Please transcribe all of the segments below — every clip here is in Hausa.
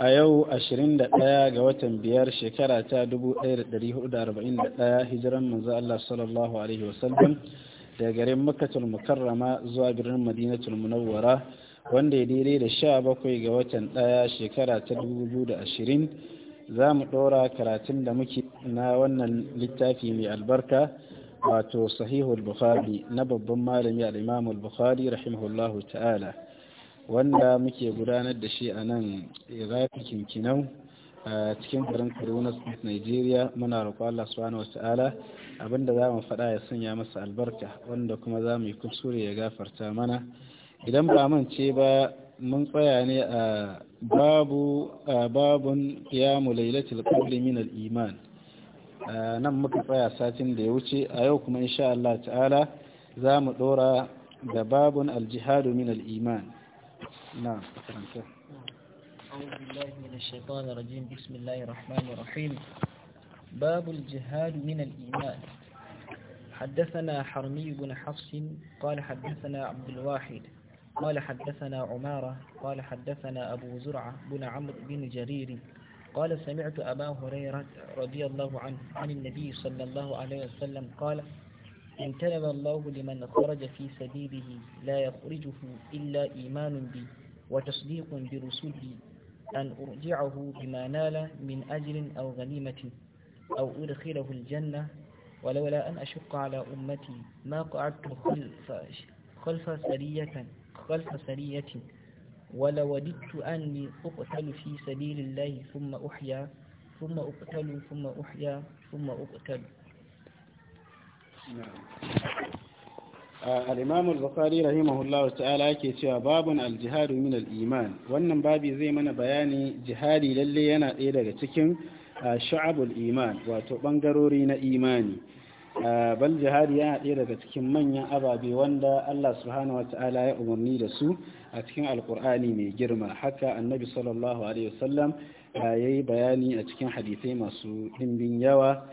a yau 21 ga watan biyar shekara ta 1441 hijiran manzo Allah sallallahu alaihi wasallam daga garin makkatul mukarrama zuwa birnin madinatul munawwara wanda ya daidai da sha bakwai ga watan ɗaya shekara ta 2020 za mu ɗora karatun da muke na wannan littafi mai albarka wato sahihul bukhari na babban malami al-imamul bukhari rahimahullahu ta'ala wanda muke gudanar da shi a nan iraki kinkinan a cikin garin kaduna state nigeria muna roƙo allah subhanahu wata'ala abinda za mu faɗa ya sanya masa albarka wanda kuma za mu yi kuskure ya gafarta mana idan ba mance ba mun tsaya ne a babu babun mu lailatul qadri min al-iman nan muka tsaya satin da ya wuce a yau kuma insha Allah ta'ala za mu dora da babun al-jihadu min al-iman نعم شكرا شيخ أعوذ بالله من الشيطان الرجيم بسم الله الرحمن الرحيم باب الجهاد من الإيمان حدثنا حرمي بن حفص قال حدثنا عبد الواحد قال حدثنا عمارة قال حدثنا أبو زرعة بن عمرو بن جرير قال سمعت أبا هريرة رضي الله عنه عن النبي صلى الله عليه وسلم قال إن امتنب الله لمن خرج في سبيله لا يخرجه إلا إيمان بي وتصديق برسله أن أرجعه بما نال من أجل أو غنيمة أو أدخله الجنة ولولا أن أشق على أمتي ما قعدت خلف, خلف سرية خلف سرية ولوددت أني أقتل في سبيل الله ثم أحيا ثم أقتل ثم أحيا ثم أقتل al'imam al-bukhari rahimahullah ta'ala ke cewa babun al-jihadu min al-iman wannan babi zai mana bayani jihadi lalle yana ɗaya daga cikin sha'abul iman wato ɓangarori na imani bal jihadi yana ɗaya daga cikin manyan ababe wanda Allah subhanahu ta'ala ya umarni da su a cikin alkur'ani mai girma haka annabi sallallahu alaihi wasallam ya yi bayani a cikin hadisai masu ɗimbin yawa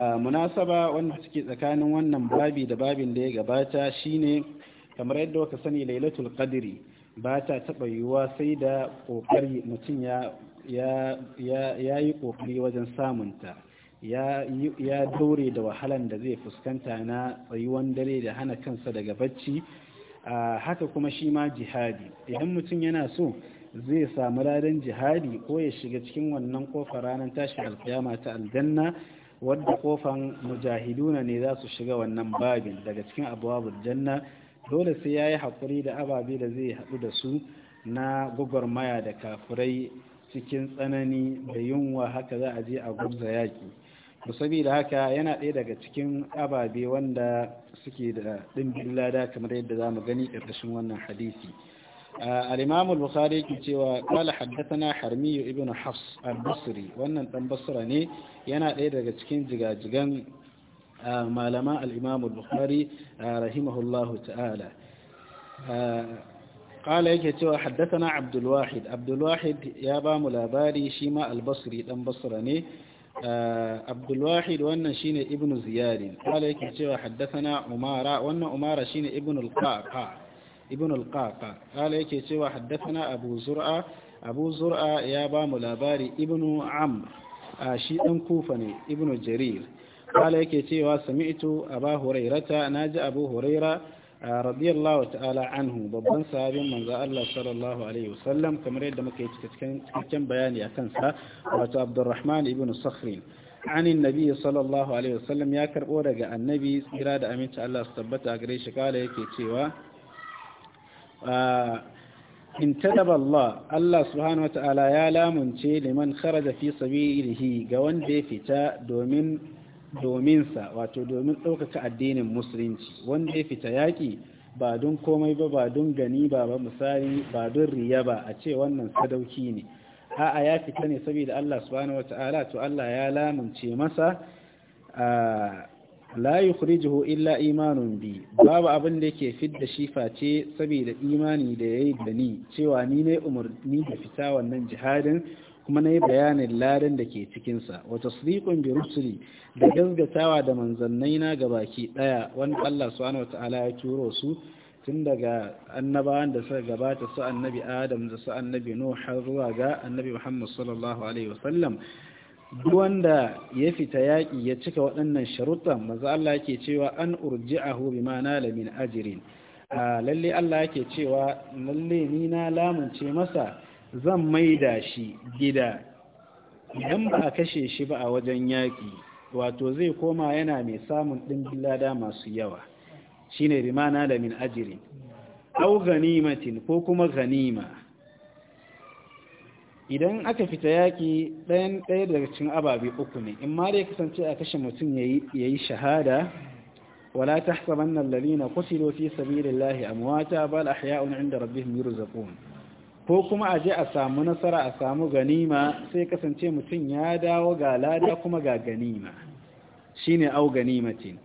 munasaba wanda suke tsakanin wannan babi da babin da ya gabata shine kamar yadda waka sani lailatul qadri ba ta taba yiwuwa sai da ƙoƙari mutum ya yi ƙoƙari wajen samunta ya dore da wahalan da zai fuskanta na tsayuwan dare da hana kansa daga bacci haka kuma shi ma jihadi idan mutum yana so zai samu ladan jihadi ko ya shiga cikin wannan kofar ranar tashi alkiyama ta aljanna wanda kofan mujahiduna ne za su shiga wannan babin daga cikin abubuwan janna dole sai ya yi haƙuri da ababe da zai haɗu da su na gwagwarmaya da kafurai cikin tsanani da yunwa haka za a je a gubza yaƙi saboda haka yana ɗaya daga cikin ababe wanda suke da ɗimbin lada kamar yadda za mu gani ƙarƙashin wannan hadisi الإمام البخاري كتوى قال حدثنا حرمي ابن حفص البصري وأن تنبصرني ينا إيدا كتكين جغا جغان مالما الإمام البخاري رحمه الله تعالى قال يكتوى حدثنا عبد الواحد عبد الواحد يابا ملاباري شيما البصري تنبصرني عبد الواحد وأن شين ابن زياد قال يكتوى حدثنا عمارة وأن عمارة شين ابن القعقاع ibn al ƙala yake cewa haddathana abu zur'a abu zur'a ya ba mu labari ibn amr shi ɗan kufa ne ibn jarir ƙala yake cewa sami'tu aba hurairata ji abu huraira radiyallahu ta'ala anhu babban sahabin manzo Allah sallallahu alaihi wasallam kamar yadda muka yi cikakken cikakken bayani akan sa wato Abdurrahman ibn Sakhrin عن النبي صلى الله عليه وسلم يا كربو daga annabi tsira da aminci Allah su tabbata gare shi kala yake cewa In intalab Allah Allah subhanahu wata'ala ya lamunce liman kharaja fi sabilihi ga wanda ya fita domin dominsa wato domin ɗaukaka addinin musulunci wanda ya fita yaƙi ba don komai ba ba don gani ba ba misali ba don riya ba a ce wannan sadauki ne a'a ya fita ne saboda Allah subhanahu wata'ala to Allah ya lamunce masa la yukhrijuhu illa imanun bi babu abin da yake fidda shi face saboda imani da yayi da ni cewa ni ne umarni da fita wannan jihadin kuma na yi bayanin ladan da ke cikinsa wata tasdiqun bi rusuli da gaskatawa da manzannai na gabaki ɗaya wanda Allah subhanahu wataala ya turo su tun daga annabawan da suka gabata su annabi Adam da su annabi Nuh har zuwa ga annabi Muhammad sallallahu alaihi wasallam duk wanda ya fita yaƙi ya cika waɗannan sharuɗan maza Allah ke cewa an urji'ahu bi ma nala min A lalle Allah ke cewa lalle ni na lamunce masa zan maida shi gida idan ba a kashe shi ba a wajen yaƙi wato zai koma yana mai samun ɗin lada masu yawa shine bi ma nala min ajrin au ganimatin ko kuma ganima idan aka fita yaki ɗayan ɗaya daga cikin ababe uku ne in ma dai kasance a kashe mutum ya yi shahada wala ta saman nan lahi a muwata sabilillahi a haya wani inda rabbihim yurzaqun ko kuma a je a samu nasara a samu ganima sai kasance mutum ya dawo ga lada kuma ga ganima shine au ganimatin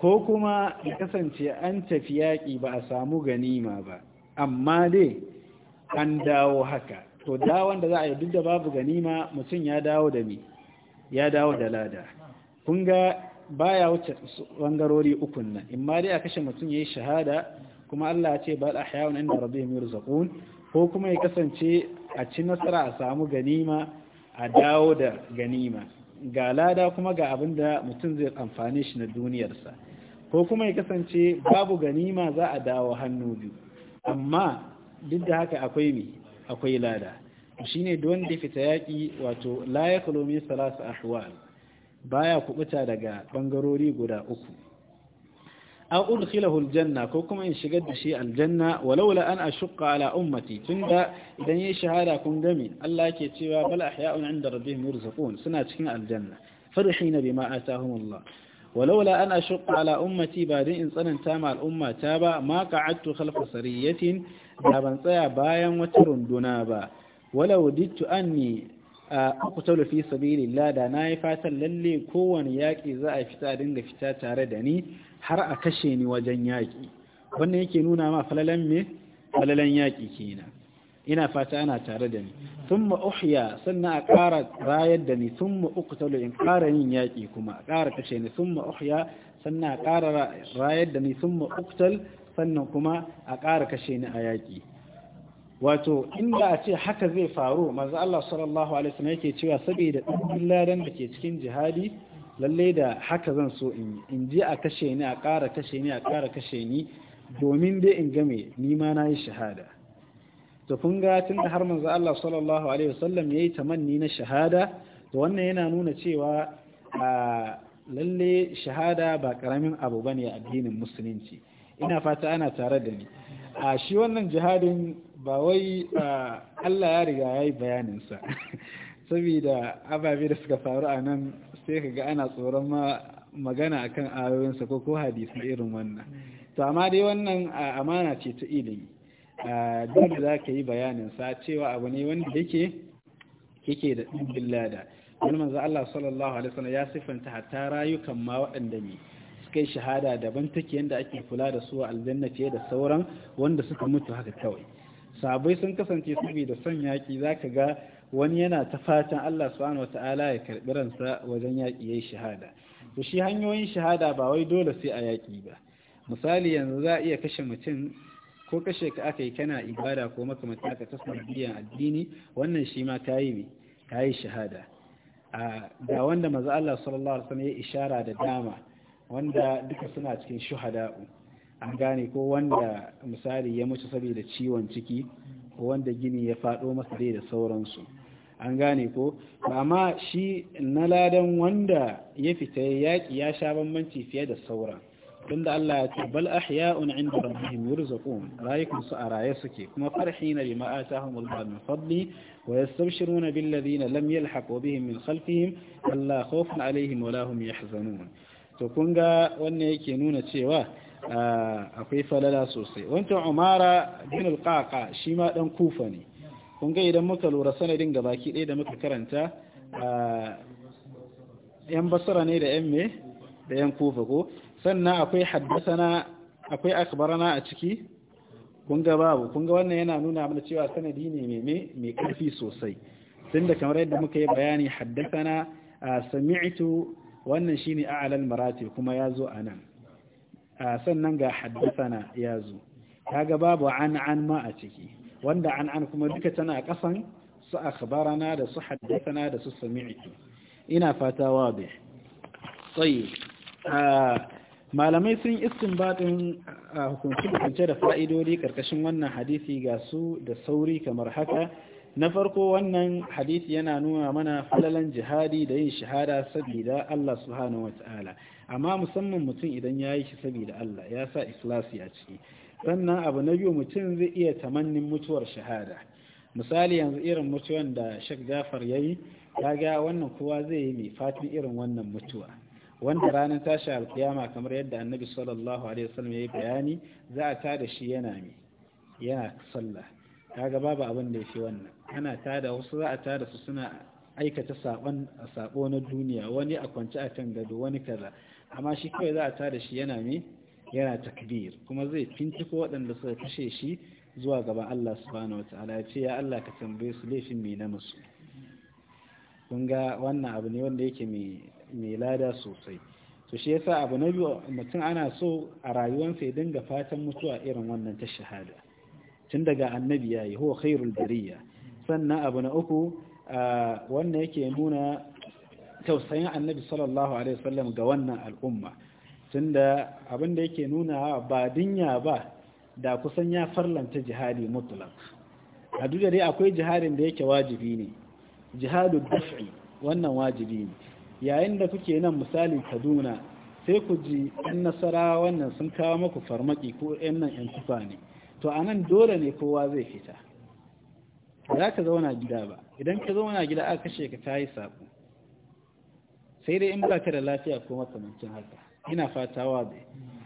ko kuma ya kasance an tafi yaƙi ba a samu ganima ba amma dai an dawo haka to dawon da za a yi duk da babu ganima mutum ya dawo da mi ya dawo da lada kun ga baya wuce bangarori uku nan in ma dai a kashe mutum yayi shahada kuma Allah ya ce bal ahya'un inda rabbihim yurzaqun ko kuma ya kasance a ci nasara a samu ganima a dawo da ganima ga lada kuma ga abin da mutum zai amfani shi na duniyarsa ko kuma ya kasance babu ganima za a dawo hannu biyu amma duk da haka akwai mi akwai lada shine da wanda fita yaƙi wato la ya kalomi salasu ba baya kubuta daga bangarori guda uku a udkhilahu aljanna ko kuma in shigar da shi aljanna walaula an shuka ala ummati tunda idan yayi shahada kun gami Allah ke cewa bal ahya'un 'inda rabbihim yurzaqun suna cikin aljanna farhina bima atahumullah ولولا أن أشق ba أمتي in tsananta ma al'umma ta تابا ka قعدت خلف سرية da ban tsaya bayan wata runduna ba walau dittu anni a uqtalu fi sabilillah da nayi fatan lalle kowane yaki za a fita dinga fita tare da ni har a kashe ni wajen yaki wannan yake nuna ma falalan me falalan yaki kenan ina fata ana tare da ni thumma uhya sannan a ƙara rayar da ni thumma uqtalu in ƙara yin yaki kuma a ƙara kashe ni thumma uhya sannan a ƙara rayar da ni thumma uqtal sannan kuma a ƙara kashe ni a yaƙi wato inda a ce haka zai faru manzo Allah sallallahu alaihi wasallam yake cewa saboda ɗan ladan da ke cikin jihadi lalle da haka zan so in ji je a kashe ni a ƙara kashe ni a ƙara kashe ni domin dai in game ni ma na yi shahada to kun ga tun da har manzo Allah sallallahu alaihi wasallam yayi tamanni na shahada to wannan yana nuna cewa a lalle shahada ba karamin abu bane a addinin musulunci ina fata ana tare da ni a shi wannan jihadin ba wai Allah ya riga ya yi bayaninsa saboda ababe da suka faru a nan sai ka ga ana tsoron ma magana akan ayoyinsa ko ko hadisi irin wannan to amma dai wannan amana ce ta ilimi da za ka yi bayaninsa cewa abu ne wanda yake yake da ɗimbin lada wani Allah sallallahu alaihi wasallam ya sifanta hatta rayukan ma waɗanda ne suka shahada daban take yadda ake kula da su a aljanna fiye da sauran wanda suka mutu haka kawai sabai sun kasance saboda son yaki zaka ga wani yana ta fatan Allah subhanahu wata'ala ya karbi ransa wajen yaki yayi shahada to shi hanyoyin shahada ba wai dole sai a yaki ba misali yanzu za iya kashe mutum ko kashe ka aka yi kana ibada ko makamantan ka ta biyan addini wannan shi ma kayi ne kayi shahada a ga wanda maza Allah sallallahu alaihi wasallam ya ishara da dama wanda duka suna cikin shuhada'u an gane ko wanda misali ya mutu saboda ciwon ciki ko wanda gini ya faɗo masa dai da sauransu an gane ko amma shi na ladan wanda ya fita yaƙi ya sha bambanci fiye da sauran da Allah ya ce bal ahya'un 'inda rabbihim yurzaqun rayukum su a raye suke kuma farhina bima atahum Allah min fadli wa yastabshiruna bil ladina lam yalhaqu bihim min khalfihim alla khawfun alaihim wa la hum yahzanun to kun ga wannan yake nuna cewa akwai falala sosai wancan umara bin alƙaƙa shi ma ɗan kufa ne kun ga idan muka lura sanadin ga baki ɗaya da muka karanta yan basara ne da yan me da yan kufa ko sannan akwai haddasana akwai akbarana a ciki kun ga babu kun ga wannan yana nuna mana cewa sanadi ne mai mai ƙarfi sosai tunda kamar yadda muka yi bayani haddasana sami'tu wannan shine a'lal marati kuma yazo anan sannan ga haddathana ya ga babu an ma a ciki wanda anan kuma duka tana kasan su akhbarana da su haddathana da su sami'tu ina fata wabe. tayyib malamai sun istinbatin hukunci da da fa'idodi ƙarƙashin wannan hadisi ga su da sauri kamar haka na farko wannan hadisi yana nuna mana falalan jihadi da yin shahada saboda Allah subhanahu wata'ala amma musamman mutum idan ya yi shi saboda Allah ya sa ikhlasi a ciki sannan abu na biyu mutum zai iya tamannin mutuwar shahada misali yanzu irin mutuwan da Sheikh Jafar yayi kaga wannan kowa zai yi mai fatin irin wannan mutuwa wanda ranar tashi alkiyama kamar yadda annabi sallallahu alaihi wasallam yayi bayani za a da shi yana yana sallah kaga babu abin da ya fi wannan ana tada wasu za a tada su suna aikata sabon sabo na duniya wani a kwance a kan gado wani kaza amma shi kawai za a tada shi yana me yana takbir kuma zai fintiko waɗanda suka kashe shi zuwa gaba. Allah subhanahu wataala ce ya Allah ka tambaye su laifin me na musu kun ga wannan abu ne wanda yake mai lada sosai to shi yasa abu na biyu mutum ana so a rayuwarsa ya dinga fatan mutuwa irin wannan ta shahada tun daga annabi yayi huwa khairul bariya sannan abu na uku wannan yake nuna tausayin annabi sallallahu alaihi wasallam ga wannan al'umma tunda abin da yake nuna ba dinya ba da kusan ya farlanta jihadi mutlaq a duk dai akwai jihadin da yake wajibi ne jihadu daf'i wannan wajibi ne yayin da kuke nan misali Kaduna sai ku ji ɗan nasara wannan sun kawo maku farmaki ko ɗan nan ‘yan tufa ne to a nan dole ne kowa zai fita ba za ka zauna gida ba idan ka zauna gida aka kashe ka ta yi saƙo sai dai in ba ka da lafiya ko makamancin haka ina fata wazi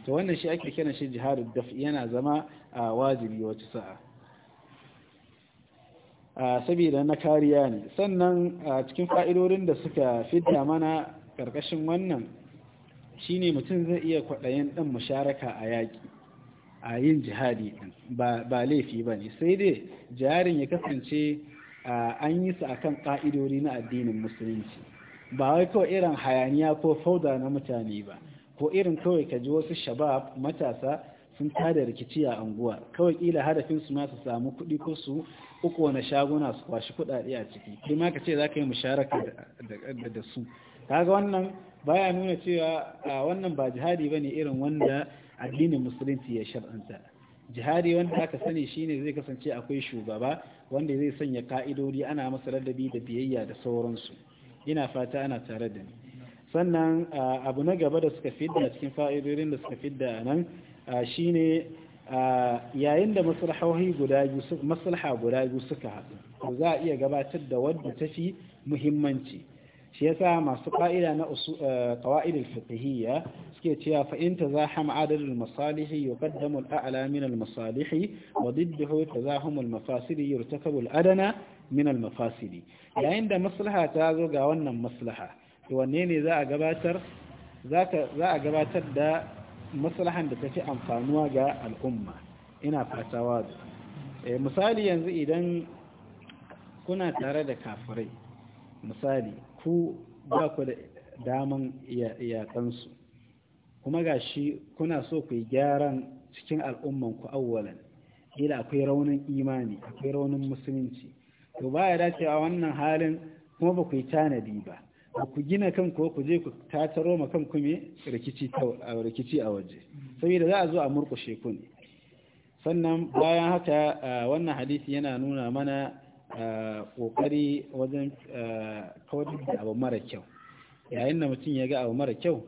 to wannan shi ake kiran shi jihar daf yana zama a wajibi wata sa'a saboda na kariya ne sannan a cikin fa'idodin da suka fidda mana karkashin wannan shine mutum zai iya kwaɗayin ɗan musharaka a yaƙi a yin jihadi ba laifi ba ne sai dai jiharin ya kasance an yi su akan ƙa'idodi na addinin musulunci ba wai kawai irin hayaniya ko fauda na mutane ba ko irin kawai ka ji wasu shabab matasa sun tada rikici a anguwa kawai kila hadafin su ma su samu kuɗi ko su uku wani shaguna su kwashi kuɗaɗe a ciki kai ma ka ce za ka yi musharaka da su kaga wannan baya nuna cewa wannan ba jihadi ne irin wanda addinin musulunci ya shar'anta jihadi wanda aka sani shine zai kasance akwai shugaba wanda zai sanya ka'idodi ana masa ladabi da biyayya da sauransu ina fata ana tare da ni sannan abu na gaba da suka fidda cikin fa'idodin da suka fidda nan shine yayin da maslahohi guda biyu maslaha guda biyu suka haɗu za a iya gabatar da wadda tafi muhimmanci shi yasa masu ƙa'ida na ƙawa'idul eh, fiqhiyya suke cewa fa in tazahama adadul masalihi yuqaddamu al-a'la min al-masalihi wa didduhu tazahumu al yau ta al-adana min al yayin da maslaha ta zo ga wannan maslaha to wanne ne za a gabatar gabatar da maslahan da tafi amfanuwa ga al'umma ina fatawa eh, misali yanzu idan kuna tare da kafirai misali ku ba ku da daman iyakansu kuma ga shi kuna so ku yi gyaran cikin al'ummanku awwalan ila akwai raunin imani akwai raunin musulunci to ba ya dacewa wannan halin kuma ba ku yi tanadi ba ba ku gina kanku ku je ku tataro ma kanku me rikici a waje saboda za a zo a murƙushe ku ne sannan bayan haka wannan hadisi yana nuna mana kokari eh, wajen eh, kawar da abu mara kyau yayin da mutum ya ga abu mara kyau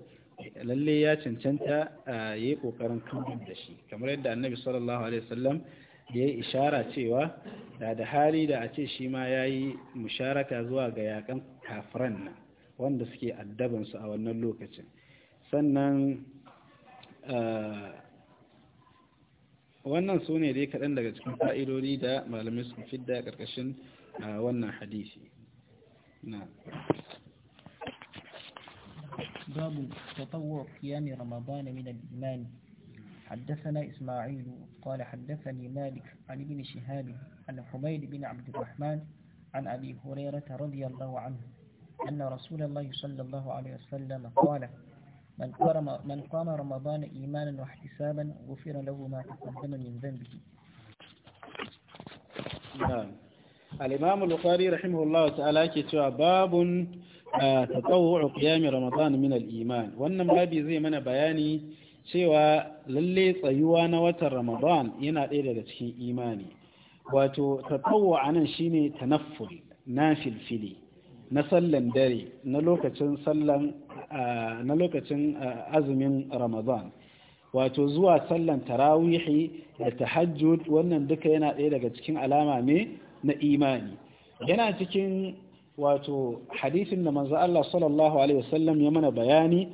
lalle ya cancanta eh, ya yi kokarin kawar da shi kamar yadda annabi sallallahu alaihi wasallam ya yi ishara cewa da da hali da a ce shi ma ya yi musharaka zuwa ga yaƙan kafiran nan wanda suke addabansu a wannan lokacin sannan wannan su ne dai kaɗan daga cikin fa'idodi da malamai sun fidda ƙarƙashin wannan hadisi na باب تطوع قيام رمضان من الإيمان حدثنا إسماعيل قال حدثني مالك عن ابن شهاب عن حميد بن عبد الرحمن عن أبي هريرة رضي الله عنه أن رسول الله صلى الله عليه وسلم قال من قام من قام رمضان إيمانا واحتسابا غفر له ما تقدم من ذنبه نعم. الإمام البخاري رحمه الله تعالى كتب باب آه، تطوع قيام رمضان من الإيمان وإنما بابي زي من بياني cewa للي صيوان na رمضان Ramadan yana ɗaya daga cikin imani wato ta kawo a na sallan dare na lokacin sallan na lokacin azumin ramadan wato zuwa sallan tarawihi da tahajjud wannan duka yana ɗaya daga cikin alama ne na imani yana cikin wato hadisin da manzo Allah sallallahu alaihi wasallam ya mana bayani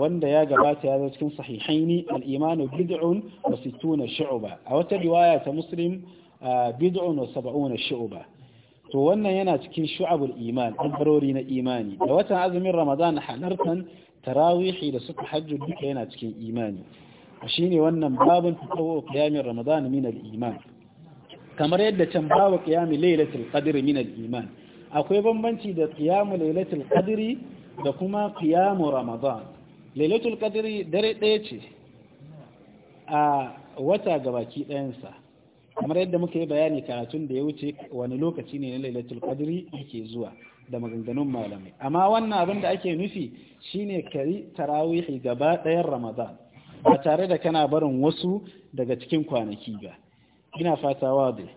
wanda ya gabata ya zo cikin sahihaini al-imanu bid'un wa sittuna shu'ba a wata riwaya ta muslim bid'un wa sab'una shu'ba to wannan yana cikin shu'abul iman albarori na imani da watan azumin ramadan halartan tarawihi da suka hajju duka yana cikin imani shine wannan babun tsawo qiyamin ramadan min al-iman kamar yadda can babu qiyamul lailatul qadr min al-iman akwai bambanci da qiyamul lailatul qadr da kuma qiyamul ramadan lailatul qadr dare daya ce a wata gabaki ɗayansa kamar yadda muka yi bayani karatun da ya wuce wani lokaci ne na lailatul qadri yake zuwa da maganganun malamai amma wannan abin da ake nufi shine kari tarawihi gaba ɗayan ramadan ba tare da kana barin wasu daga cikin kwanaki ba ina fata dai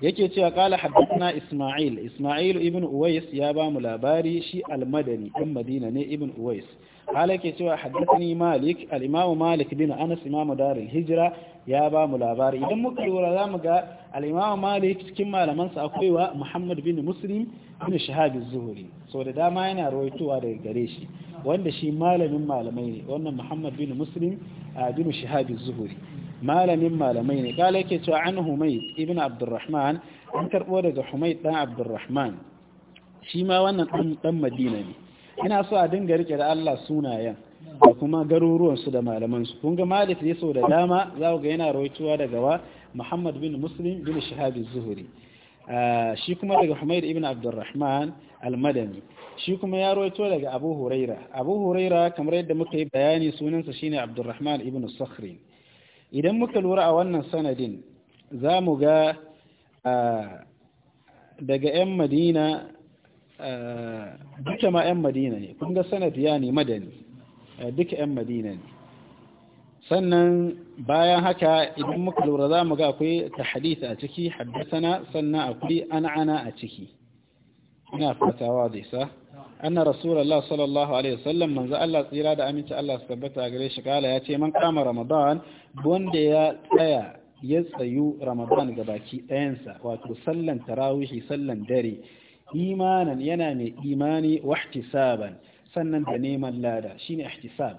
yake cewa kala haddathana Isma'il Isma'il ibn Uwais ya ba mu labari shi al-Madani din Madina ne ibn Uwais kala yake cewa haddathani Malik al-Imam Malik bin Anas imam darul hijra ya ba mu labari idan muka lura zamu ga al-Imam Malik cikin malaman sa akwai wa Muhammad bin Muslim bin Shahab az-Zuhri so da dama yana rawaitowa daga gare shi wanda shi malamin malamai ne wannan Muhammad bin Muslim ah, bin Shahab az-Zuhri malamin malamai ne kala yake cewa an humayd ibn abdurrahman an karbo daga humayd dan abdurrahman shi ma wannan dan madina ne ina so a dinga rike da Allah sunayen da kuma garuruwan su da malaman su kun ga malik ne so da dama za ku ga yana rawaituwa daga wa muhammad bin muslim bin shahab az-zuhri ah, shi kuma daga Humayd ibn Abdurrahman al-Madani shi kuma ya rawaito daga Abu Huraira Abu Huraira kamar yadda muka yi bayani sunansa shine Abdurrahman ibn Sakhri idan muka lura a wannan sanadin za mu ga daga 'yan madina duka ma 'yan madina ne kun ga sanad ya ne madani duka 'yan madina ne sannan bayan haka idan muka lura za mu ga akwai ta a ciki haddasa sannan akwai an'ana a ciki ina fatawa da isa anna rasulullah sallallahu alaihi wasallam manzo Allah tsira da aminci Allah su tabbata gare shi kala ya ce man kama ramadan wanda ya tsaya ya tsayu ramadan ga baki ɗayansa wato sallan tarawihi sallan dare imanan yana mai imani wa sannan da neman lada shine ihtisab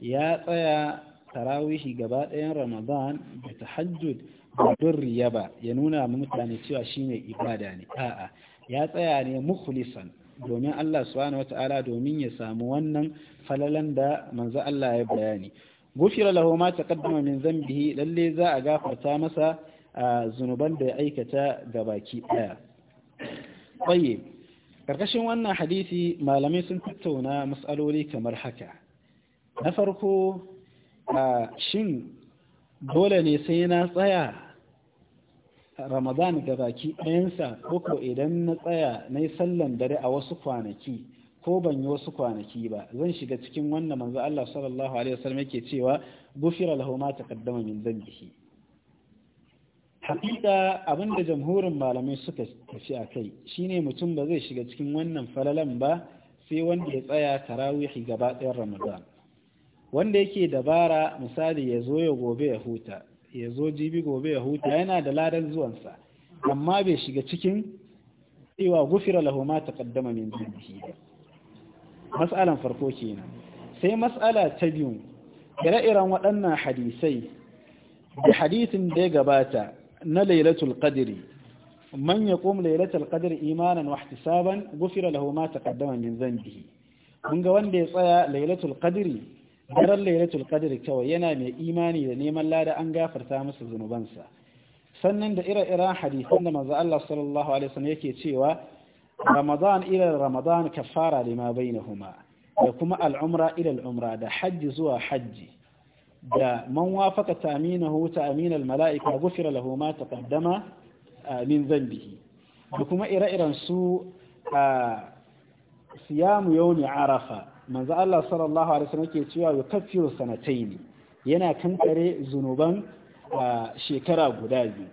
ya tsaya tarawihi gaba ɗayan ramadan da tahajjud da don riya ba ya nuna mutane cewa shine ibada ne a'a ya tsaya ne mukhlisan domin Allah subhanahu wata'ala domin ya samu wannan falalan da manzo Allah ya bayani gufira lahu ma taqaddama min zambihi lalle za a gafarta masa zunuban da ya aikata gabaki daya tayyib karkashin wannan hadisi malamai sun tattauna mas'aloli kamar haka na farko shin dole ne sai na tsaya ramadan ga baki ɗayansa ko idan na tsaya na yi sallan dare a wasu kwanaki ko ban yi wasu kwanaki ba zan shiga cikin wannan manzo Allah sallallahu alaihi wasallam yake cewa gufira lahu ma taqaddama min dhanbihi hakika abinda jamhurin malamai suka tafi a kai shine mutum ba zai shiga cikin wannan falalan ba sai wanda ya tsaya tarawihi gaba ɗayan ramadan wanda yake dabara misali ya zo ya gobe ya huta ya zo jibi gobe ya huta yana da ladan zuwansa amma bai shiga cikin cewa gufira lahu ma taqaddama min dhanbihi mas'alan farko kenan sai mas'ala ta biyu ire-iren waɗannan hadisai da hadisin da ya gabata na lailatul qadr man yaqum lailatul qadr imanan wa ihtisaban gufira lahu ma taqaddama min dhanbihi mun ga wanda ya tsaya lailatul qadr daren lailatul qadr kawai yana mai imani da neman lada an gafarta musu zunubansa sannan da ira iren hadisan da manzo Allah sallallahu alaihi wasallam yake cewa Ramadan ila Ramadan kaffara lima bainahuma da kuma al'umra ila al'umra da hajji zuwa hajji da man wafaka taminahu ta'minal mala'ika ghufira lahu ma taqaddama min dhanbihi da kuma ira iren su siyamu yawmi arafa manzo Allah sallallahu alaihi wasallam yake cewa ya yukaffiru sanataini yana kankare zunuban shekara guda biyu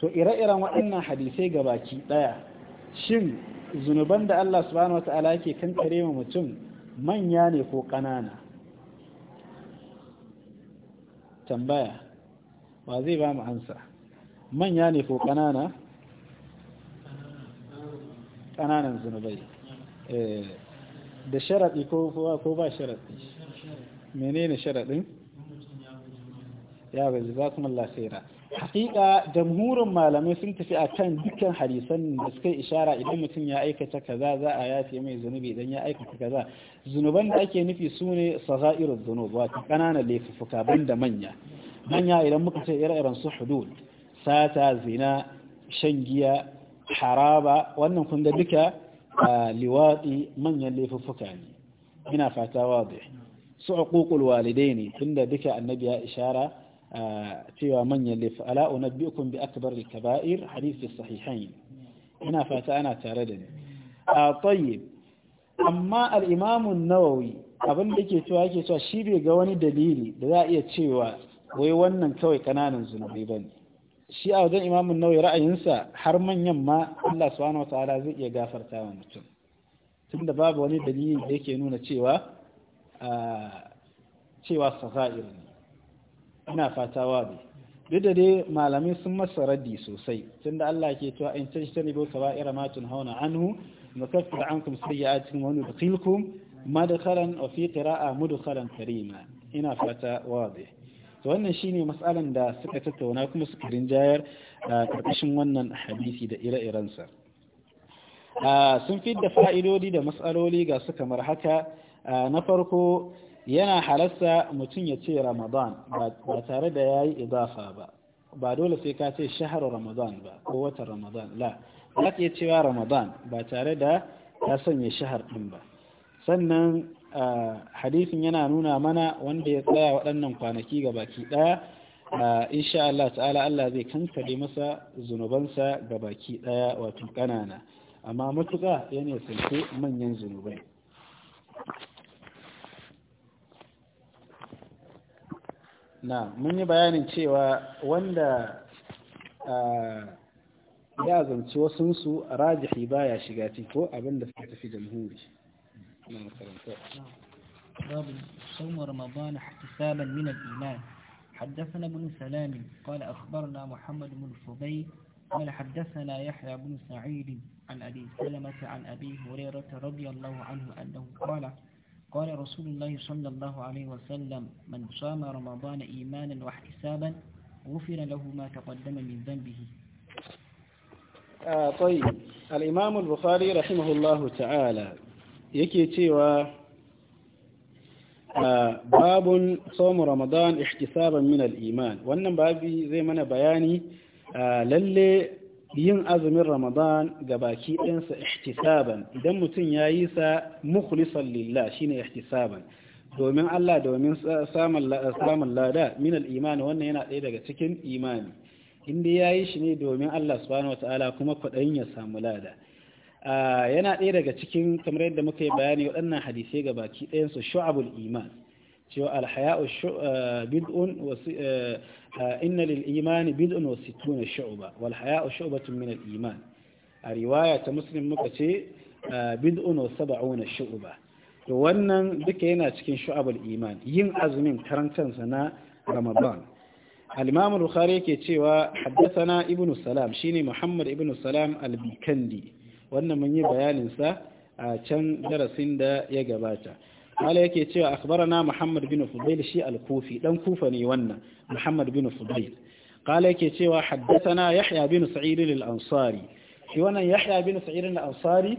to ire-iren waɗannan hadisai baki ɗaya, shin zunuban da Allah subhanahu wataala yake kankare wa mutum manya ne ko ƙanana tambaya wa zai ba mu ansa manya ne ko ƙanana ƙananan zunubai eh da sharaɗi ko ba sharaɗi menene sharaɗin ya bai za kuma lafera hakika jamhurin malamai sun tafi a kan dukkan hadisan da suka ishara idan mutum ya aikata kaza za a yafe mai zunubi idan ya aikata kaza zunuban da ake nufi su ne saza'irun zunub wata ƙananan laifuka ban da manya manya idan muka ce ire-iren su hudud sata zina shan giya haraba wannan kun duka liwaɗi manyan laifuffuka ne ina fata wadda su ne ne, tunda duka annabi ya ishara cewa manyan Ala'u na biyu kun bi akbar al-kaba'ir hadisi as-sahihain ina fata ana tare da ni a tsaye amma al'imamun nawawi abin da yake cewa yake cewa shi bai ga wani dalili da za a iya cewa wai wannan kawai kananan zunubai bane shi a wajen imamun nauyi ra'ayinsa har manyan ma Allah subhanahu wa ta'ala zai iya gafarta wa mutum tunda babu wani dalili da yake nuna cewa cewa ne ina fata wa bi duk da dai malamai sun masa raddi sosai tunda Allah ke cewa in tajtani bi kaba'ira ma tunhauna anhu nukaffir ankum sayyi'atikum wa nudkhilkum madkhalan wa fi qira'a mudkhalan karima ina fata wa bi to wannan shine matsalan da suka tattauna kuma suka rinjayar a karkashin wannan hadisi da ire-irensa sun fi da fa'idodi da matsaloli ga su kamar haka na farko yana halasta mutum ya ce ramadan ba tare da ya yi idafa ba ba dole sai ka ce shahar ramadan ba ko watan ramadan la ya cewa ramadan ba tare da ya sanya shahar ɗin ba sannan hadisin yana nuna mana wanda ya tsaya waɗannan kwanaki ga baki ɗaya insha Allah ta'ala Allah zai kankare masa zunubansa ga baki ɗaya wato ƙanana amma matuƙa yana sanke manyan zunubai na mun yi bayanin cewa wanda ya zanci wasunsu rajihi baya shiga ciko abinda suka tafi jamhuri نعم. باب صوم رمضان احتسابا من الإيمان حدثنا ابن سلام قال أخبرنا محمد بن الفضيل قال حدثنا يحيى بن سعيد عن أبي سلمة عن أبي هريرة رضي الله عنه أنه قال قال رسول الله صلى الله عليه وسلم من صام رمضان إيمانا واحتسابا غفر له ما تقدم من ذنبه آه طيب الإمام البخاري رحمه الله تعالى yake cewa ah, babun saumu ramadan ihtisaban min al-iman wannan babi zai mana bayani ah, lalle yin azumin ramadan ga baki ɗinsa ihtisaban idan mutum ya yi sa mukhlisan lillah shine ihtisaban domin Allah domin samun lada min al-iman wannan yana ɗaya daga cikin imani inda ya yi shi ne domin Allah subhanahu wa ta'ala kuma kwaɗayin ya samu lada yana ɗaya daga cikin kamar yadda muka yi bayani waɗannan hadisai ga baki ɗayansu shu'abul iman cewa alhaya'u bid'un wasu inna lil imani bid'un wa sittuna shu'ba wal haya'u shu'batun min al iman a riwaya ta muslim muka ce bid'un wa sab'una shu'ba to wannan duka yana cikin shu'abul iman yin azumin karantansa na ramadan الإمام البخاري كي تشيوا حدثنا ابن السلام شيني محمد ابن السلام البيكندي wannan mun yi bayaninsa a can darasin da ya gabata ala yake cewa akbara na muhammad bin fudail shi al-kufi dan kufa ne muhammad bin fudail kala yake cewa haddathana yahya bin sa'id al-ansari shi wannan yahya bin sa'id al-ansari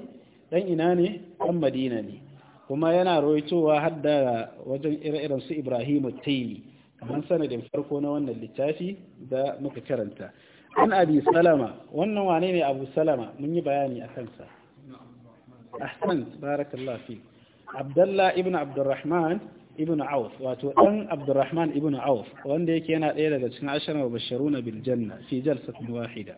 ɗan ina ne dan madina ne kuma yana rawaitowa hadda wajen ire-iren su ibrahim at-taymi sanadin farko na wannan littafi da muka karanta an abi salama wannan wane ne abu salama mun yi bayani a kansa ahsan barakallah fi abdullah ibn abdurrahman ibn auf wato dan abdurrahman ibn auf wanda yake yana ɗaya daga cikin ashara wa basharuna bil janna fi jalsatin wahida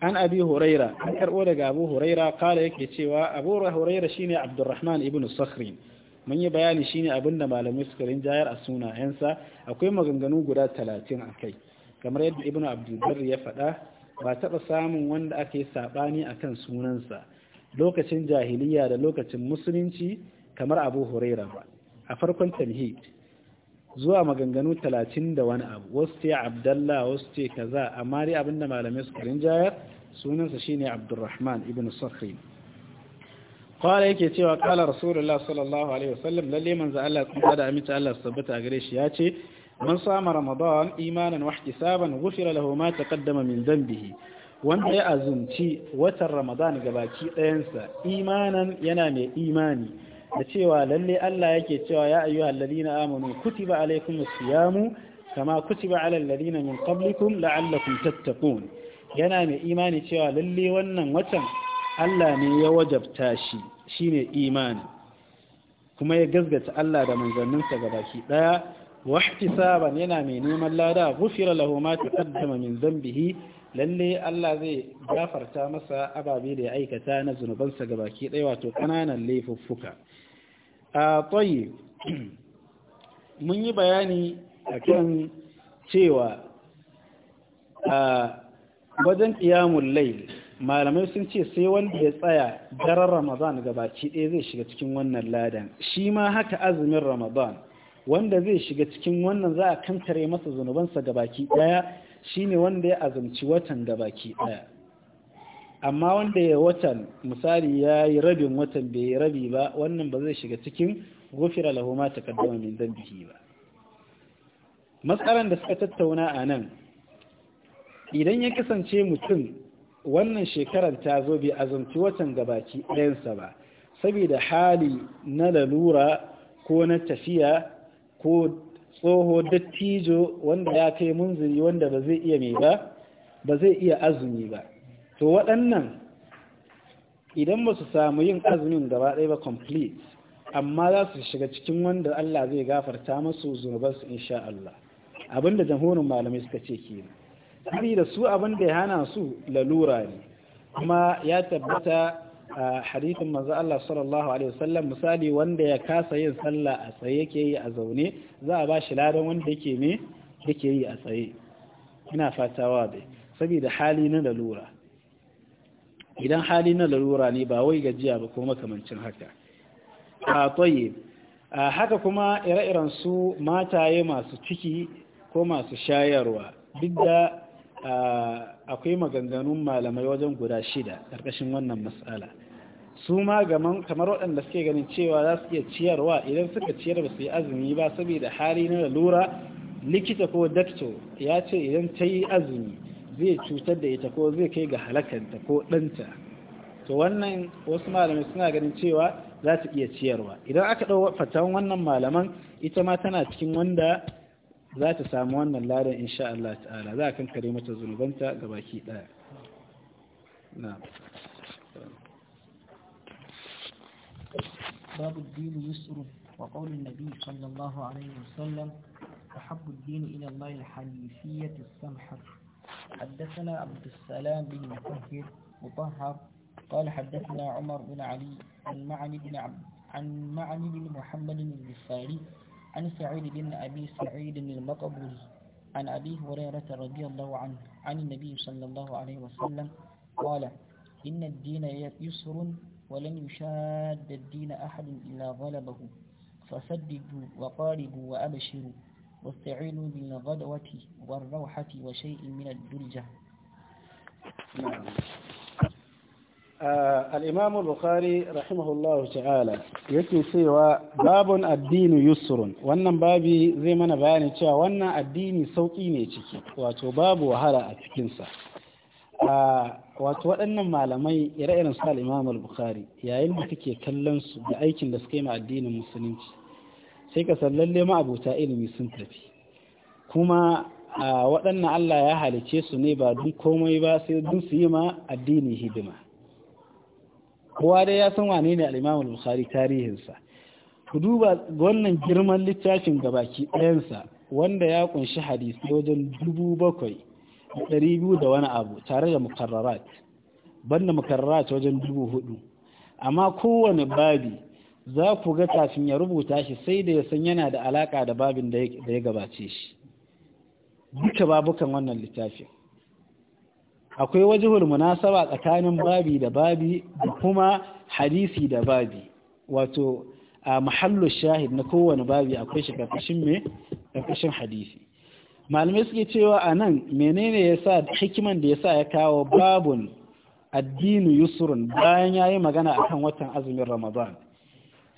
an abi huraira an karbo daga abu huraira kala yake cewa abu huraira shine abdurrahman ibn sakhrin mun yi bayani shine abinda malamai suka rinjayar a sunayensa akwai maganganu guda talatin a kai kamar yadda ibn abdulbar ya faɗa ba taɓa samun wanda aka yi saɓani a kan sunansa lokacin jahiliya da lokacin musulunci kamar abu huraira ba a farkon tamhid zuwa maganganu talatin da wani abu wasu ce abdallah wasu ce kaza amma dai abinda malamai su karin jayar sunansa shi ne abdurrahman ibn sakhin qala yake cewa kala rasulullah sallallahu alaihi wasallam lalle manzo Allah tsada da amince Allah sabbata gare shi ya ce man sama ramadan imanan wa ihtisaban ghufira lahu ma taqaddama min dhanbihi wanda ya azumci watan ramadan gabaki ɗayansa imanan yana mai imani da cewa lalle Allah yake cewa ya ayyuhal ladina amanu kutiba alaykumus siyamu kama kutiba alal ladina min qablikum la'allakum tattaqun yana mai imani cewa lalle wannan watan Allah ne ya wajabta shi shine imani kuma ya gazgata Allah da manzanninsa gabaki ɗaya wahtisaban yana mai neman lada ghufira lahu ma taqaddama min dhanbihi lalle Allah zai gafarta masa ababe da ya aikata na zunubansa gabaki ɗaya wato ƙananan laifuffuka a tsayi mun yi bayani akan cewa a wajen ƙiyamun lail malamai sun ce sai wanda ya tsaya daren ramadan gabaki ɗaya zai shiga cikin wannan ladan shi ma haka azumin ramadan wanda zai shiga cikin wannan za a kankare masa zunubansa gabaki daya shine wanda ya azumci watan gabaki daya amma wanda ya watan misali ya yi rabin watan bai yi rabi ba wannan ba zai shiga cikin gofira lahoma ta kaddama min biki ba Matsalar da suka tattauna a nan idan ya kasance mutum wannan shekarar ta zo bai azumci watan gabaki ɗayansa ba saboda hali na lalura ko na tafiya ko tsoho dattijo wanda ya kai munziri wanda ba zai iya mai ba ba zai iya azumi ba to waɗannan idan ba su samu yin azumin gaba ɗaya ba complete amma za su shiga cikin wanda Allah zai gafarta masu zunubansu insha Allah abinda jamhurin malamai suka ce kenan da su abin da ya hana su lalura ne kuma ya tabbata hadithin manzo Allah sallallahu alaihi wasallam misali wanda ya kasa yin sallah a tsaye yake yi a zaune za a bashi ladan wanda yake ne yake yi a tsaye ina fatawa bai saboda hali na lalura idan hali na lalura ne ba wai gajiya ba kuma makamancin haka a tsaye haka kuma ire-iren su mataye masu ciki ko masu shayarwa duk akwai maganganun malamai wajen guda shida ƙarƙashin wannan matsala su ma gaman kamar waɗanda suke ganin cewa za su iya ciyarwa idan suka ciyar ba su yi azumi ba saboda hali na lura likita ko dakto ya ce idan ta yi azumi zai cutar da ita ko zai kai ga halakanta ko ɗanta to wannan wasu malamai suna ganin cewa za su iya ciyarwa idan aka ɗau fatan wannan malaman ita ma tana cikin wanda za ta samu wannan ladan insha Allah ta'ala za a kankare mata zunubanta ga baki باب الدين يسر وقول النبي صلى الله عليه وسلم أحب الدين إلى الله الحنيفية السمحة حدثنا عبد السلام بن مطهر مطهر قال حدثنا عمر بن علي عن معني بن عبد عن معن بن محمد النصاري عن سعيد بن أبي سعيد المقبري عن أبي هريرة رضي الله عنه عن النبي صلى الله عليه وسلم قال إن الدين يسر ولن يشاد الدين أحد إلا غلبه فسددوا وقاربوا وأبشروا واستعينوا بالغدوة والروحة وشيء من الدلجة نعم. al'imamu bukari rahimahullahu ta'ala yake cewa babun addini yusrun wannan babi zai mana bayani cewa wannan addini sauƙi ne ciki wato babu wahala a cikinsa wato waɗannan malamai ire-iren su al'imamu bukari yayin da kake kallon su da aikin da suka yi ma addinin musulunci sai ka ma ma'abuta ilimi sun tafi kuma waɗannan allah ya halice su ne ba don komai ba sai don su yi ma addini hidima kowa dai ya san wane ne al'imamu bukhari tarihinsa ku duba wannan girman littafin ga baki ɗayansa wanda ya kunshi hadisi wajen dubu bakwai ɗari biyu da wani abu tare da mukarrarat banda mukarrarat wajen dubu hudu amma kowane babi za ku ga kafin ya rubuta shi sai da ya san yana da alaka da babin da ya gabace shi duka babukan wannan littafin akwai wajihul munasaba tsakanin babi da babi da kuma hadisi da babi wato a mahallu shahid na kowane babi akwai shi karkashin me karkashin hadisi malamai suke cewa a nan menene yasa hikiman da ya sa ya kawo babun addini Yusurun bayan yayi magana akan watan azumin ramadan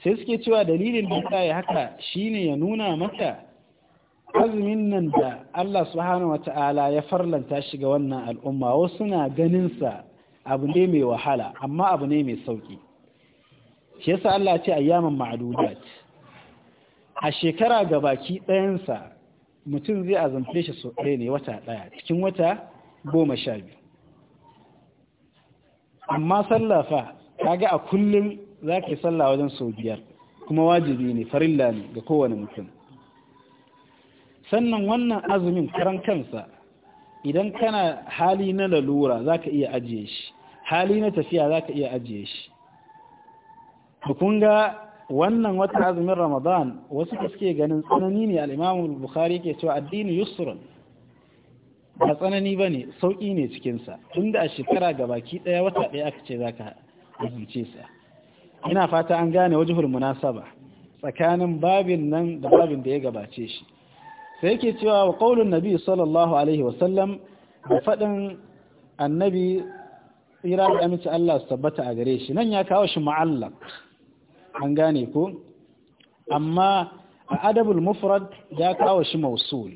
sai suke cewa dalilin da ya haka shine ya nuna maka azumin nan da Allah subhanahu wata'ala ya farlanta shi ga wannan al'umma wasu na sa abu ne mai wahala amma abu ne mai sauki shi yasa Allah ce ayyaman ma'dudat a shekara ga baki ɗayansa mutum zai azumce shi sau ɗaya ne wata ɗaya cikin wata goma sha biyu amma sallafa kaga a kullum za ka sallah wajen sau biyar kuma wajibi ne farilla ne ga kowane mutum sannan wannan azumin karan kansa idan kana hali na lalura za ka iya ajiye shi hali na tafiya za ka iya ajiye shi kun ga wannan wata azumin ramadan wasu da suke ganin tsanani ne al'imamu bukhari ke cewa addini yusrun ba tsanani ba ne sauƙi ne cikinsa tunda a shekara ga baki ɗaya wata ɗaya aka ce za ka azumce sa ina fata an gane hulmuna saba tsakanin babin nan da babin da ya gabace shi sai yake cewa wa qaulun nabi sallallahu alaihi wasallam da fadin annabi tsira da aminci Allah su tabbata a gare shi nan ya kawo shi mu'allaq an gane ku amma a adabul mufrad ya kawo shi mausul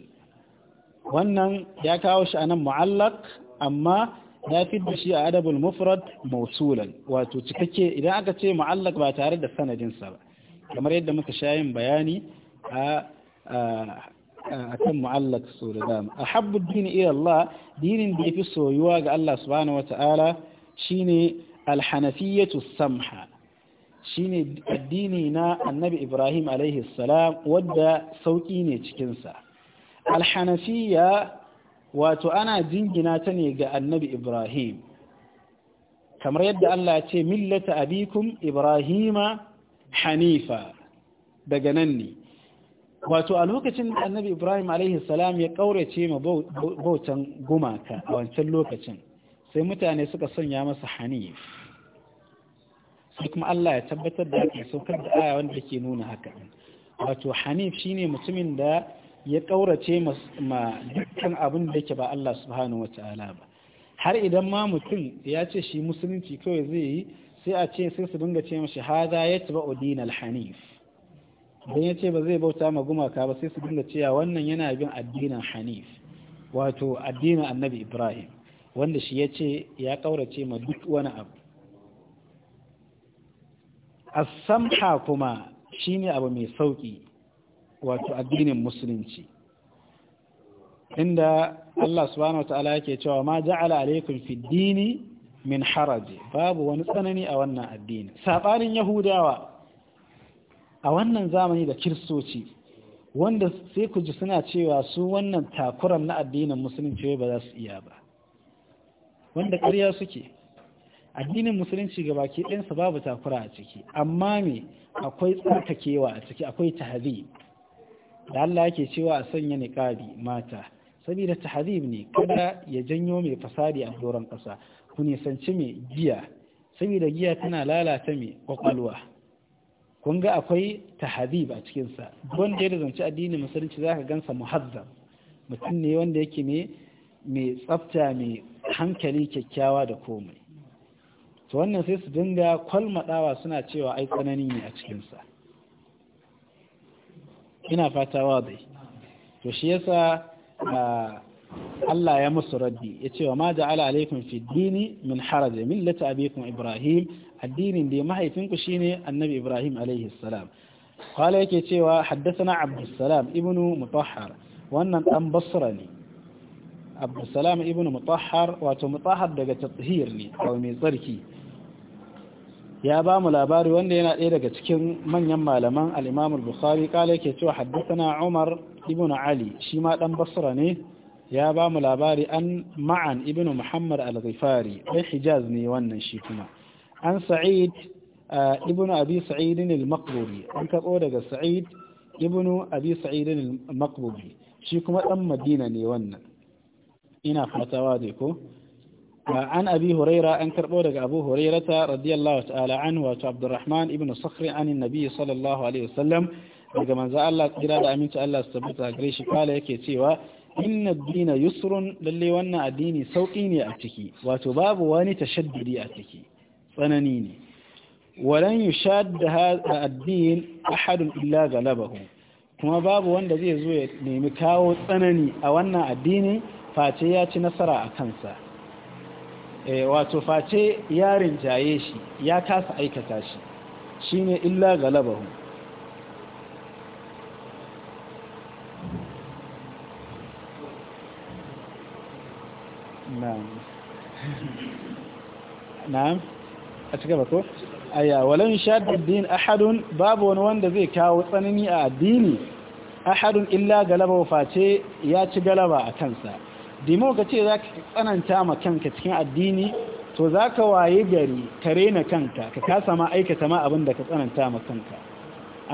wannan ya kawo shi anan mu'allaq amma ya fidda shi a adabul mufrad mausulan wato cikakke idan aka ce mu'allaq ba tare da sanadinsa ba kamar yadda muka sha yin bayani a akan mu'allaq so da dama ahabbu dini ila Allah dinin da yafi soyuwa ga Allah subhanahu wata'ala shine alhanafiyatu samha shine addini na annabi Ibrahim alaihi salam wadda sauki ne cikinsa sa alhanafiya wato ana jingina ta ne ga annabi Ibrahim kamar yadda Allah ya ce millata abikum Ibrahima hanifa daga nan ne wato a lokacin da annabi ibrahim alaihi salam ya kaurace ma bautan gumaka a wancan lokacin sai mutane suka sanya masa hanif sai kuma Allah ya tabbatar da aka saukar da aya wanda ke nuna haka wato hanif shine mutumin da ya kaurace ma dukkan abin da yake ba Allah subhanahu wataala ba har idan ma mutum ya ce shi musulunci kawai zai yi sai a ce sai su dinga ce mashi hada taba udinal hanif don ya ce ba zai bauta ma gumaka ba sai su dinga cewa wannan yana bin addinin hanif wato addinin annabi ibrahim wanda shi ya ce ya kaurace ma duk wani abu asamha kuma shi ne abu mai sauki wato addinin musulunci inda Allah subhanahu wa ta'ala yake cewa ma ja'ala alaikum fi dini min haraji babu wani tsanani a wannan addini sabanin yahudawa a wannan zamani da kiristoci wanda sai ku ji suna cewa su wannan takuran na addinin musulunci ba za su iya ba wanda ƙarya suke addinin musulunci ga baki ɗinsa babu takura a ciki amma me akwai tsarkakewa a ciki akwai tahazib da Allah yake cewa a sanya niqabi mata saboda tahazib ne kada ya janyo mai fasadi a doron ƙasa ku nisanci mai giya saboda giya tana lalata mai kwakwalwa kun ga akwai tahadib a cikinsa wanda ya zance addinin musulunci za ka gansa muhazzab mutum ne wanda yake mai tsafta mai hankali kyakkyawa da komai to wannan sai su dinga kwalmadawa suna cewa ai tsanani ne a cikinsa ina fata wadai to shi yasa Allah ya musu raddi ya ce wa ma ja'ala alaikum fi dini min haraj millata abikum ibrahim addinin da mahaifinku shine annabi ibrahim alaihi salam qala yake cewa haddathana abdussalam ibnu mutahhar wannan dan basra ne abdussalam ibnu mutahhar wato mutahhar daga tathir ne ko mai tsarki ya ba mu labari wanda yana ɗaya daga cikin manyan malaman al-imam al-bukhari qala yake cewa haddathana umar ibnu ali shi ma dan basra ne ya ba mu labari an ma'an ibnu muhammad al-ghifari ɗan hijaz ne wannan shi kuma an sa'id ibn abi sa'id al-maqburi an karbo daga sa'id ibn abi sa'id al-maqburi shi kuma dan madina ne wannan ina fatawa dai ko عن أبي هريرة أنكر بودك أبو هريرة رضي الله تعالى عنه وعبد الرحمن ابن ibn عن النبي صلى الله alaihi وسلم daga manzo Allah kira da aminci Allah su tabbata gare shi kala yake cewa inna dina yusrun lalle wannan addini sauki ne a ciki wato babu wani tashaddudi a ciki tsanani ne walan yushad da addinin ahadun illa galabahu kuma babu wanda zai zo ya nemi kawo tsanani a wannan addini face ya ci nasara a kansa eh, wato face yarin rinjaye shi ya kasa aikata shi ne illa galabahu na'am a ci gaba ko aya walan shaddad din ahadun babu wani wanda zai kawo tsanani a addini ahadun illa galaba face ya ci galaba a kansa dimo ka ce za ka tsananta ma kanka cikin addini to za ka waye gari ka rena kanka ka kasa ma aikata ma abin da ka tsananta ma kanka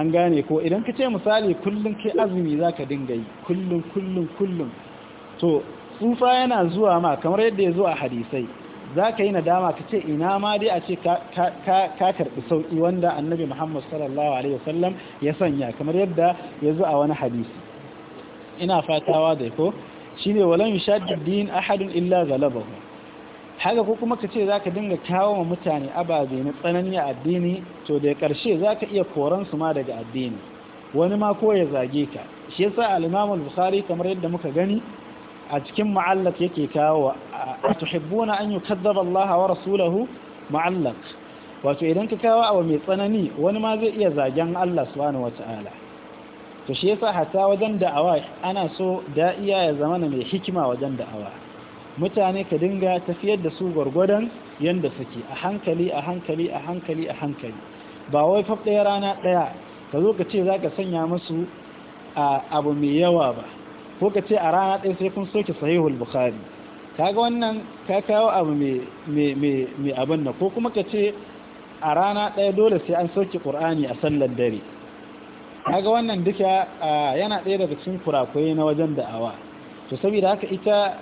an gane ko idan ka ce misali kullum kai azumi za ka dinga yi kullum kullum kullum to tsufa yana zuwa ma kamar yadda ya zo a hadisai za ka yi nadama ka ce ina ma dai a ce ka karɓi sauƙi wanda annabi muhammad sallallahu alaihi wasallam ya sanya kamar yadda ya zo a wani hadisi ina fatawa da ko shine walon yushaddid din ahadun illa ku haka ko kuma ka ce za ka dinga kawo wa mutane ababe na tsanani a addini to da ƙarshe za ka iya koran su ma daga addini wani ma ko ya zage ka shi yasa al-imam al-bukhari kamar yadda muka gani a cikin ma'allak yake kawo a na an kaddar Allah wa rasulahu ma'allak wato idan ka kawo abu mai tsanani wani ma zai iya zagen Allah subhanahu ala to shi yasa hata wajen da'awa ana so da'iya ya zama mai hikima wajen da'awa mutane ka dinga tafiyar da su gwargwadon yanda suke a hankali a hankali a hankali a hankali ba wai fab ɗaya rana ɗaya ka zo ka ce za ka sanya musu abu mai yawa ba ko ka ce a rana ɗaya sai kun soke sahihul bukhari kaga wannan ka kawo abu mai abin nan ko kuma ka ce a rana ɗaya dole sai an soke ƙur'ani a sallar dare kaga wannan duka yana ɗaya daga cikin kurakurai na wajen da'awa to saboda haka ita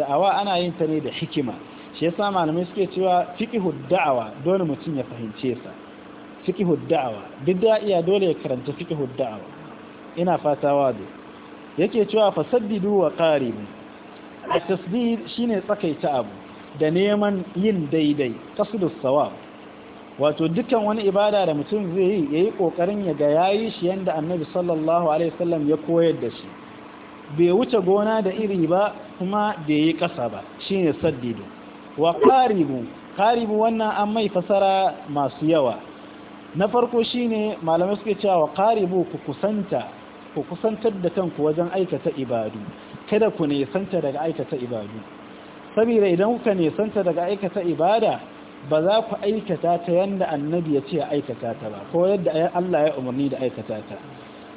da'awa ana yin ta ne da hikima shi yasa malamai suke cewa fiqhu da'awa dole mutum ya fahimce sa fiqhu da'awa duk da iya dole ya karanta fiqhu da'awa ina fata wa dai yake cewa fasaddidu wa qaribu at-tasdid shine tsakaita abu da neman yin daidai qasdus sawab wato dukkan wani ibada da mutum zai yi yayi kokarin ya ga yayi shi yanda annabi sallallahu alaihi wasallam ya koyar da shi bai wuce gona da iri ba kuma bai yi kasa ba shine saddidu wa qaribu qaribu wannan an mai fasara masu yawa na farko shine malamai suke cewa wa qaribu ku kusanta ku kusantar da kanku wajen aikata ibadu kada ku nesanta daga aikata ibadu saboda idan kuka nesanta daga aikata ibada ba za ku aikata ta yadda annabi ya ce a aikata ta ba ko yadda Allah ya umarni da aikata ta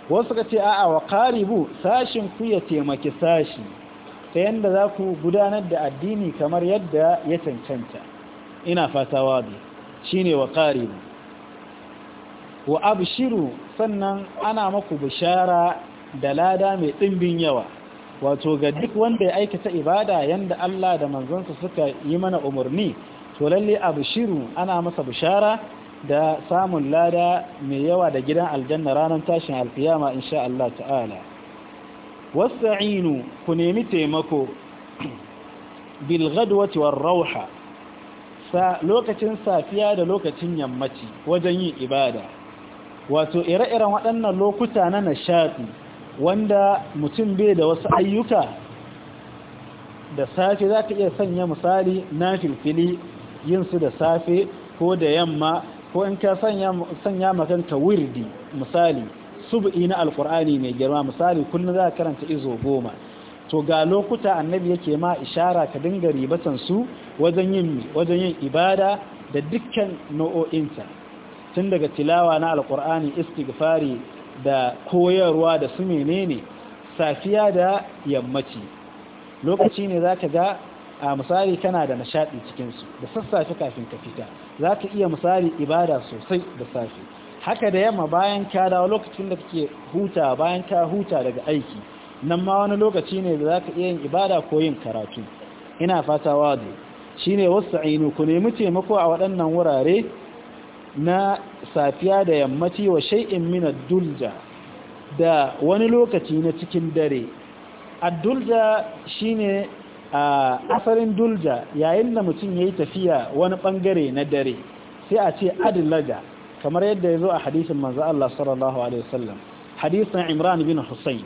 wasu ka ce a'a wa karibu sashin ku ya taimaki sashi ta yadda za ku gudanar da addini kamar yadda ya cancanta ina fata shi shine wa karibu wa abshiru sannan ana maku bishara da lada mai dimbin yawa wato ga duk wanda ya aikata ibada yanda Allah da manzonsa suka yi mana umarni to lalle abshiru ana masa bishara da samun lada mai yawa da gidan aljanna ranar tashin alfiyama insha Allah ta'ala wasta'inu ku nemi taimako bil ghadwati war rauha sa lokacin safiya da lokacin yammaci wajen yin ibada wato ire-iren waɗannan lokuta na nishaɗi wanda mutum bai da wasu ayyuka da safe za ka iya sanya misali na filfili yin da safe ko da yamma ko in ka sanya makanta wirdi misali sub'i na alkur'ani mai girma misali kullum za ka karanta izo goma to ga lokuta annabi yake ma ishara ka dinga ribatan su wajen yin ibada da dukkan nau'o'inta tun daga tilawa na alkur'ani istighfari da koyarwa da su menene safiya da yammaci lokaci ne za ka ga a misali kana da nishaɗi su da sassafe kafin ka fita za ka iya misali ibada sosai da safe haka da yamma bayan ka dawo lokacin da kake huta bayan ka huta daga aiki nan ma wani lokaci ne da za ka iya yin ibada ko yin karatu ina fata wadu shine wasu ainu ku nemi taimako a waɗannan wurare na safiya da yammaci wa shay'in min ad-dulja da wani lokaci na cikin dare ad-dulja shine a asarin dulja yayin da mutum yayi tafiya wani bangare na dare sai a ce adlaja kamar yadda yazo a hadisin manzo Allah sallallahu alaihi wasallam hadisin Imran bin Husayn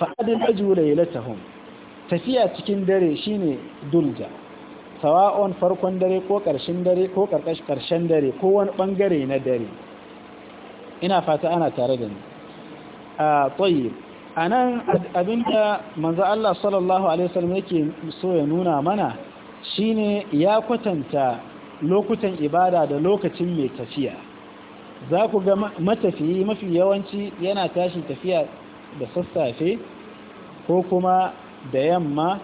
fa adlaju laylatahum tafiya cikin dare shine dulja sawa'on farkon dare ko ƙarshen dare ko ƙarshen dare ko wani ɓangare na dare ina fata ana tare da ni a tsayi a nan abinda manzo Allah sallallahu Alaihi wasallam yake so ya nuna mana shine ya kwatanta lokutan ibada da lokacin mai tafiya za ku ga matafiyi mafi yawanci yana tashi tafiya da sassafe ko kuma da yamma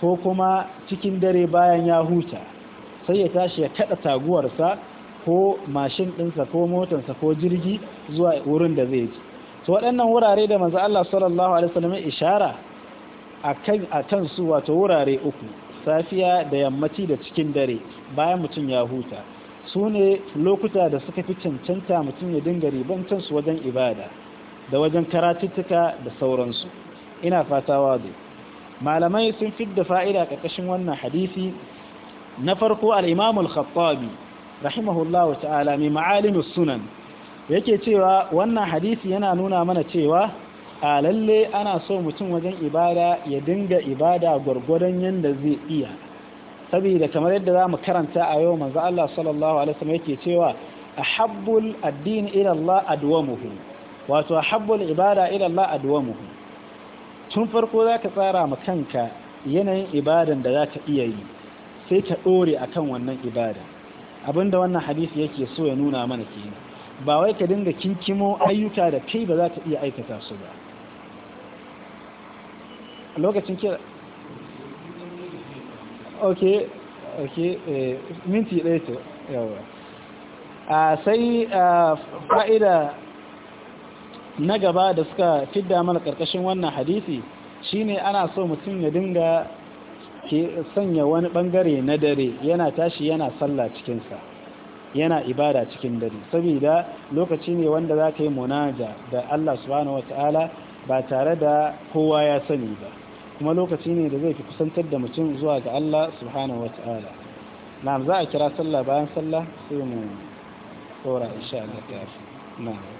ko kuma cikin dare bayan ya huta sai ya tashi ya kada taguwarsa ko mashin ɗinsa ko motarsa ko jirgi zuwa wurin da zai ji to waɗannan wurare da manzo Allah sallallahu alaihi wasallam ishara akan akan su wato wurare uku safiya da yammaci da cikin dare bayan mutum ya huta su ne lokuta da suka fi cancanta mutum ya dinga ribantansu wajen ibada da wajen karatuttuka da sauransu ina fata wazo malamai sun fidda fa'ida ƙarƙashin wannan hadisi na farko al'imamul khattabi rahimahullahu ta'ala mai ma'alimus sunan yake cewa wannan hadisi yana nuna mana cewa a lalle ana so mutum wajen ibada ya dinga ibada gwargwadon yadda zai iya saboda kamar yadda za mu karanta a yau manzo Allah sallallahu alaihi wasallam yake cewa ahabbul addin ila Allah adwamuhu wato ahabbul ibada ila Allah adwamuhu tun farko za ka tsara ma kanka yanayin ibadan da za ka iya yi sai ka ɗore a kan wannan ibada abinda wannan hadisi yake so ya nuna mana kenan ba wai ka dinga kinkimo ayyuka da kai ba za ka iya aikata su ba lokacin kira ok ok eh, minti ɗaya to yawa ah, sai ah, fa'ida na gaba da suka fidda mana karkashin wannan hadisi shine ana so mutum ya dinga ke sanya wani bangare na dare yana tashi yana sallah cikinsa yana ibada cikin dare saboda lokaci ne wanda za ka yi munaja da Allah subhanahu ta'ala ba tare da kowa ya sani ba kuma lokaci ne da zai fi kusantar da mutum zuwa ga Allah subhanahu ta'ala Na za a kira sallah bayan sallah sai mu tsora insha Allah ta na'am